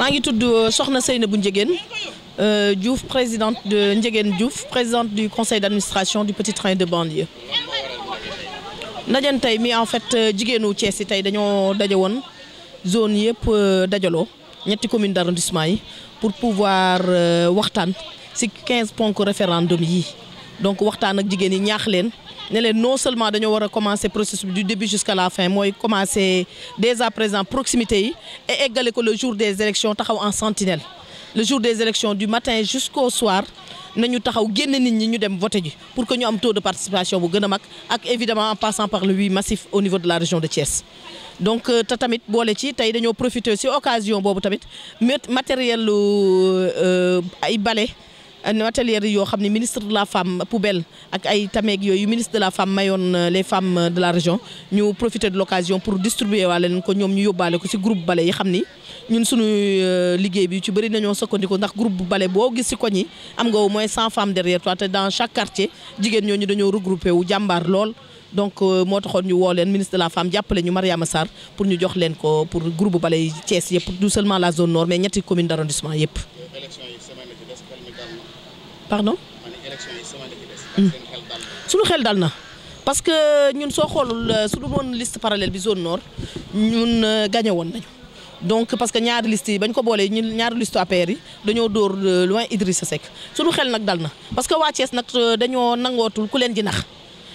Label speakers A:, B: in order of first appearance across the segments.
A: maa ngi tudd euh, Soxna Seynabou Ndiéguène euh, Diouf présidente de Diouf présidente du conseil d' administration du petit train de banlieue. ndajeem tey mi en fait euh, jigéenu Thiès yi tey dañoo daje woon zone yëpp dajaloo ñetti commune d' arrondissement yi pour pouvoir waxtaan si 15 ponk référendum yi. donc waxtaan ak jigéen yi ñaax leen ne leen non seulement dañoo war a commencer processus bi du début jusqu'à la fin mooy commencer dès à présent proximité yi et eggale ko le jour des élections taxaw en sentinelle le jour des élections du matin jusqu'au soir nañu taxaw génn nit ñi ñu dem voter ji pour que ñu am taux de participation bu gën a mag ak évidemment en passant par le oui massif au niveau de la région de Thiès. donc euh, te tamit boole ci tey dañoo profiter si occasion boobu tamit matériel euh, ay bale atelier yoo xam ne ministre de la femme poubelle ak ay tameeg yooyu ministre de la femme mayoon euh, les femmes euh, de la région ñu profiter de l'occasion pour distribuer waale leen ko ñoom ñu yóbbaale ko ci groupe bale yi xam ni ñun sunu euh, liggéey bi ci bëri nañoo sukkandiku ndax groupe bu bale boo gis ci koñ yi am nga au moins cent femmes derrière toi te dans chaque quartier jigéen ñooñu dañoo regroupé wu jàmbaar lool donc moo taxoon ñu woo leen ministre de la femme jàppale ñu Mariama Sarr pour ñu jox leen ko pour groupe bu la zone nord mais ñetti commune d'arrondissement yëpp pardon. suñu xel dal na. parce que ñun soo xoolul euh, su lu woon list parallèle bi zone nord ñun euh, gagné woon nañu donc parce que ñaari liste yi bañ ko boolee ñun ñaari liste APR yi dañoo dóor euh, loin Idrissa Seck suñu xel nag dal na parce que waa Thiès nag dañoo nangootul ku leen ji nax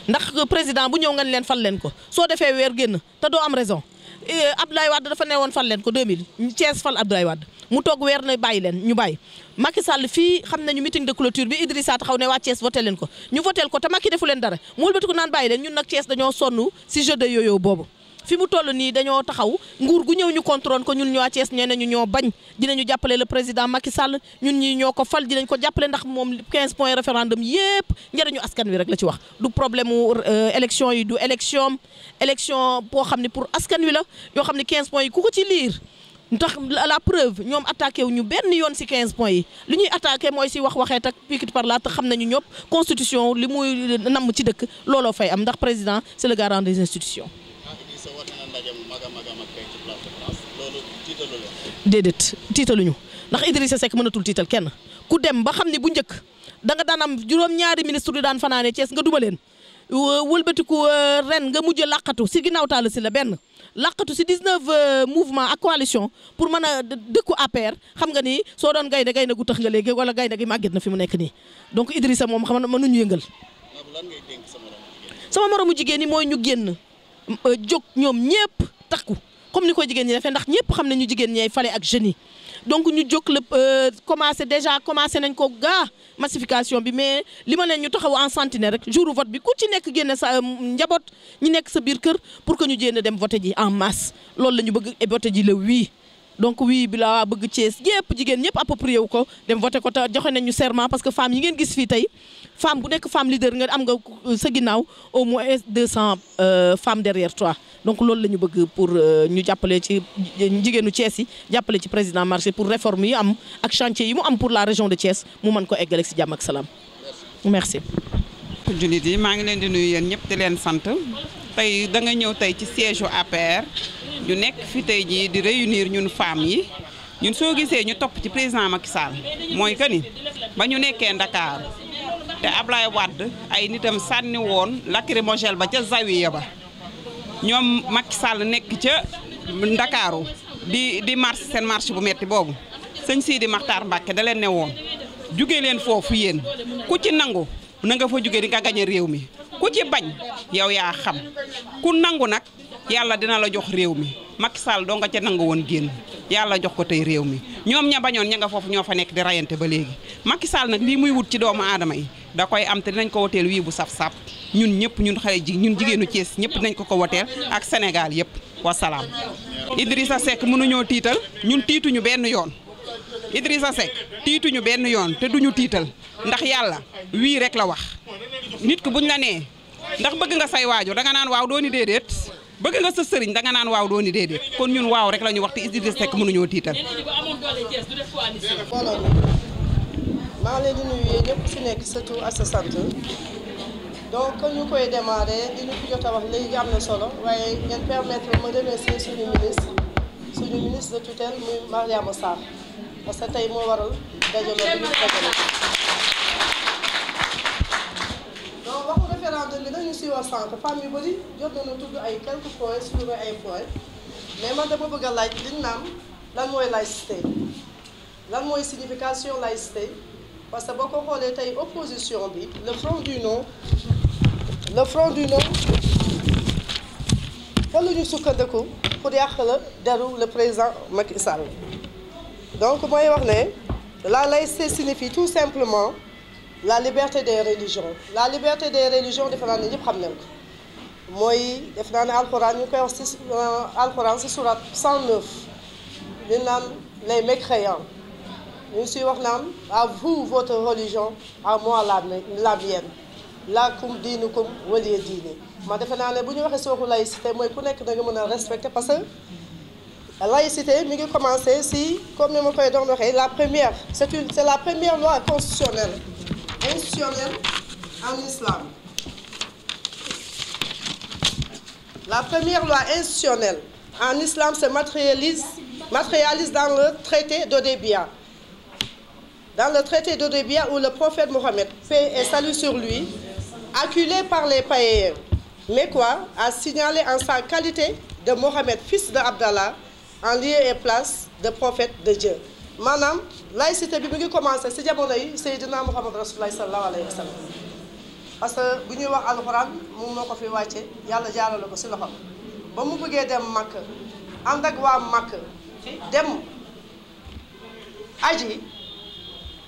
A: ndax président bu ñëw nga leen fal leen ko soo defee weer génn te doo am raison. Eh, Abdoulaye Wade dafa ne woon fal leen ko 2000 Thiès fal Abdoulaye Wade mu toog weer na bàyyi leen ñu bàyyi Macky Sall fii xam nañu meeting de clôture bi Idrissa taxaw ne waa Thiès voté leen ko ñu voté ko te Macky defu leen dara mu wëlbatiku naan bàyyi leen ñun nag Thiès dañoo sonn si jeu de yooyu boobu fi mu toll nii dañoo taxaw nguur gu ñëw ñu contrôle ko ñun ñoo Thiès nee nañu ñoo bañ dinañu jàppale le président Macky Sall ñun ñi ñoo ko fal dinañ ko jàppale ndax moom 15 points référendum yépp njëriñu askan wi rek la ci wax du problème mu euh, élection yi du élection élection boo xam ne pour askan wi la yoo xam ne quinze points yi ku ko ci liir ndax la preuve ñoom attaqué wu ñu benn yoon si quinze points yi li ñuy attaqué mooy si wax waxee tak piquet par la te xam nañu ñëpp constitution li muy namm ci dëkk looloo fay am ndax président c'est le garant des institutions. déedéet ñu ndax Idrissa Seck mënatul tiital kenn ku dem ba xam ni bu njëkk da nga daan am juróom-ñaari ministre yu daan fanaane Thiès nga duma wëlbatiku ren nga mujj làqatu si ginnaaw si la benn làqatu si 19 mouvement ak coalition pour mën a dëkku APR xam nga ni soo doon gaynde gaynde gu tax nga léegi wala gaynde gi màgget na fi mu nekk nii donc Idrissa moom xam na mënuñu yëngal.
B: lan ngay dénk sama
A: moromu jigéen sama ñi mooy ñu génn jóg ñoom ñépp takku comme ni ko jigéen ñi defee ndax ñépp xam ne ñu jigéen ñay fale ak jeunes yi donc ñu jóg la euh, commencé déjà commencé nañ ko gaa massification bi mais li ma ne ñu taxaw en sentinelle rek jour vote bi ku ci nekk génne sa euh, njaboot ñi nekk sa biir kër pour que ñu jéem a dem voté ji en masse lool la ñu bëgg voté ji la wii donc oui bi la waa bëgg Thiès yëpp jigéen ñëpp approprié wu ko dem voté ko te joxe nañu serment parce que femme yi ngeen gis fii tey femme bu nekk femme leader nga am nga sa ginnaaw au moins deux cent euh, femmes derrière toi donc loolu la ñu bëgg pour euh, ñu jàppale ci jigéenu Thiès yi jàppale ci président marché pour réforme yi am ak chantier yi mu am pour la région de Thiès mu mën ko eggale si jàmm ak salaam
C: merci jullit yi maa ngi leen di nuyu yéen ñëpp di leen sant da nga ñëw tey ci siège u APR ñu nekk fi tey jii di réunir ñun femmes yi ñun soo gisee ñu topp ci président Macky Sall mooy que ni ba ñu nekkee Ndakaaru te Ablaye Wade ay nitam sànni woon lacrymogène ba ca Zawiya ba ñoom Macky Sall nekk ca Ndakaaru di di mars seen marche bu metti boobu sëñ Sidi Makhtar Mbacke da leen ne woon jugee leen foofu yéen ku ci nangu na nga fa jugee di nga gañ réew mi ku ci bañ yow yaa xam ku nangu nag. yàlla dina la jox réew mi Macky Sall doo nga ca nangu woon génn yàlla jox ko tey réew mi ñoom ña bañoon ña nga foofu ñoo fa nekk di rayante ba léegi Macky Sall nag lii muy wut ci doomu aadama yi da koy am te dinañ ko woteel wii bu saf-saf ñun ñëpp ñun xale ji ñun jigéenu cees ñëpp dinañ ko ko woteel ak Sénégal yëpp wasalaam Idrissa Seck mënuñoo tiital ñun tiituñu benn yoon Idrissa Seck tiituñu benn yoon te duñu tiital ndax yàlla wii rek la wax nit ku la nee ndax bëgg nga say bëgg nga sa sëriñ danga naan waaw dooni déedéet kon ñun waaw rek la ñu wax te Idrissa Seck mënuñoo tiital.
B: maa ngi leen di nuyu yéen ñëpp nekk sa tur ak sa sant donc ñu koy démarré li ñu jot a wax léegi am na solo waaye ngeen permettre ma remercier suñu ministre suñu ministre de tutelle muy Mariama Sarr parce que tey moo waral dajaloo bi ñu dajale si wax sànq femmes yu bëri jot nañu tudd ay quelques points soulevé ay points mais man dama bëgg a laaj liñ naan lan mooy laïcité lan mooy signification laïcité parce que boo ko xoolee tey opposition bi le front du non le front du non ñu sukkandiku pour yàq la deru le président Macky Sall donc mooy wax ne la laïcité signifie tout simplement la liberté des religions la liberté des religions defe naa ne ñëpp xam nañ mooy def naa ne alxuraan ñu koy wax ci euh, alxuraan ci surat 109 ñu naan les mécréants ñu ngi siy wax naan à vous votre religion à moi la la mienne lakum diinukum waliya diini ma defe naa ne bu ñu waxee sooxu laïcité mooy ku nekk da nga mën a parce que laïcité mi ngi commencé si comme ni ma koy doon waxee la première c'est une c'est la première loi constitutionnelle institutionnelle en islam. La première loi institutionnelle en islam se matérialise, matérialise dans le traité d'Odebia. Dans le traité d'Odebia où le prophète Mohammed, paix et salut sur lui, acculé par les païens, mais a signalé en sa qualité de Mohammed, fils de Abdallah, en lieu et place de prophète de Dieu. laïcité bi mu ngi commencé si jamono yi Seydina Muhammad Rasulullah sallallahu alayhi wa sallam parce que bu ñuy wax alxuraan moom moo ko fi wàcce yàlla jaarale ko si loxo ba mu bëggee dem màkk ànd ak waa màkk dem aji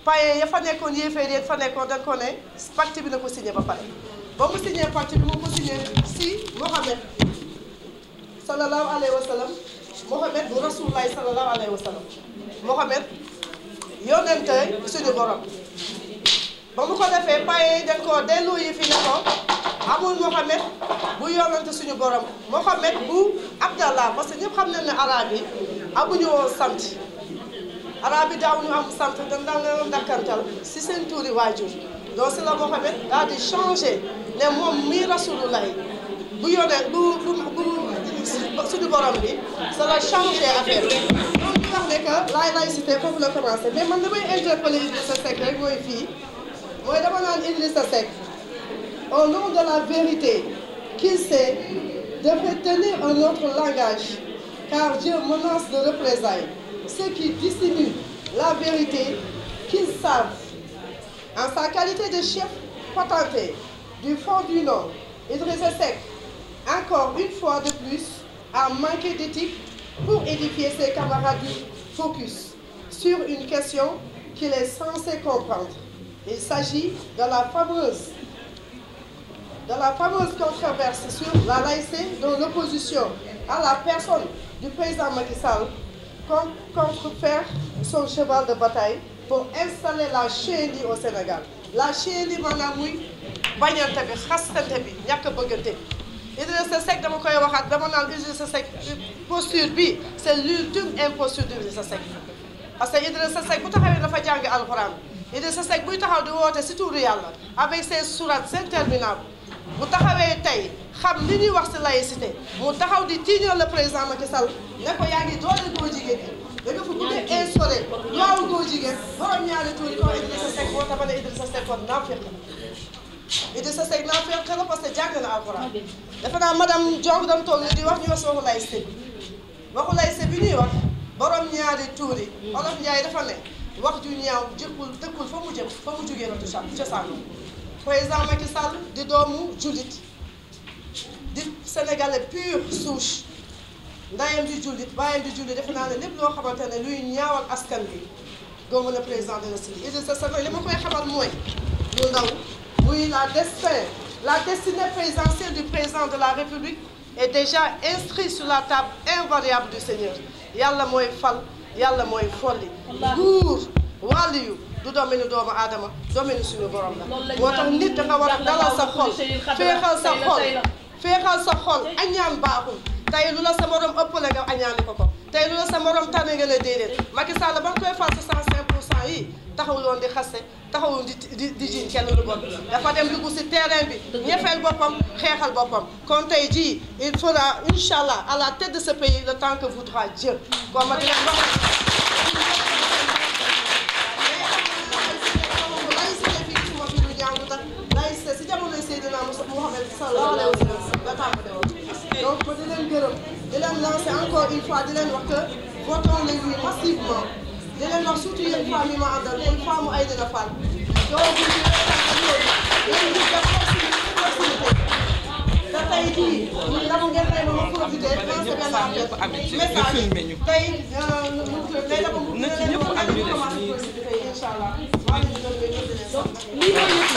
B: paye ya fa nekkoon yéeféer fa nekkoon dañ ko ne pacte bi na ko signé ba pare ba yónnente suñu borom ba mu ko defee paye yi dañ dellu yi fi ne ko amul Mohamed bu yónnente suñu borom Mohamed bu Abdallah parce que ñëpp xam nañ ne arab yi amuñu woon sant arab yi daaw ñu am sant dañ dakkantal si seen tuuri waajur donc si la Mohamed daal di changé ne moom mii rasulullah bu yónnee bu bu bu suñu borom bi ça la changé affaire bi. ne que laay laïcité foofu la mais man damay interpellé Idrissa Seck rek mooy fii mooy dama au nom de la vérité qu'il sait devrait tenir un autre langage car Dieu menace de représailles ceux qui dissimulent la vérité qu'ils savent en sa qualité de chef patenté du fond du Nord Idrissa Seck encore une fois de plus a manqué d'éthique pour édifier ses camarades focus sur une question qu'il est censé comprendre. Il s'agit de la fameuse la fameuse controverse sur la laïcité dont l'opposition à la personne du président Macky Sall compte contrefaire son cheval de bataille pour installer la chienlit au Sénégal la chienlit maanaam muy bañante bi xastante bi ñàkk bëggante bi Idrissa Seck dama koy waxaat dama naan Idrissa Seck posture bi seen est l' ultime imposture d' Idrissa Seck parce que Idrissa Seck bu taxawee dafa jàng alxuraan Idrissa Seck buy taxaw di woote si tuuru yàlla avec ses sourates interminables bu taxawee tey xam li ñuy wax si laïcité mu taxaw di tiiñal le président Macky Sall ne ko yaa ngi doole góor jigéen ñi da nga fa bëgg a jigéen borom ñaari tuuri kaw Idrissa Seck boo tabalee Idrissa Seck a Seck naa feex xela parce que jàng na alxuraan dafa naa madame Diop dam toog di wax ñu wax waxu lay sëb waxu lay bi ñuy wax borom ñaari tuuri olof Njaay dafa ne wax ju ñaaw jëkkul dëkkul fa mu jëm fa mu jugee la cosaanam président Macky Sall di doomu jullit di sénégalais pur souche ndayam di jullit bàyyam di jullit defe naa ne lépp loo xamante ne luy ñaawal askan bi doomu la président de la République Idrissa Seck li ma koy xamal mooy Oui, la destin, la destinée présidentielle du président de la République est déjà inscrite sur la table invariable du Seigneur yàlla mooy fal yàlla mooy folli nguur wàlliyu du domaine doomu aadama domaine suñu borom la moo tax nit nga war a dalal sa xol féexal sa xol féexal sa xol añaan baaxul tey lu la sa morom ëppale nga añaani ko ko tey lu la sa morom tànn nga ne déedéet Macky Sall ba nga koy fal 65 pour cent yi taxawuloon di xaste taxawul di di di jiñ kenn lu bon dafa bi ñefeel boppam xeexal boppam kon tey jii il faudra incha allah à la tête de ce pays le temps que voudra Dieu kon ma di leen wax laïcité fii gisuma fi lu ñaaw lu tax laïcité si jamonoy Seydina Mouhamed sallallahu alayhi wa sallam la tàmbale woon donc ma di leen gërëm di leen lancer encore une fois di leen wax que votons les massivement di leen wax surtout yéen femmes yi ma àndal yéen femme ay dina Fall donc yéen ñi def possibilité te tey jii ñun dafa ngeen may ma
C: profité lancé benn appel message tey
B: day euh,
C: dafa mu ñëpp am ñu commencé profité incha allah maa ngi leen di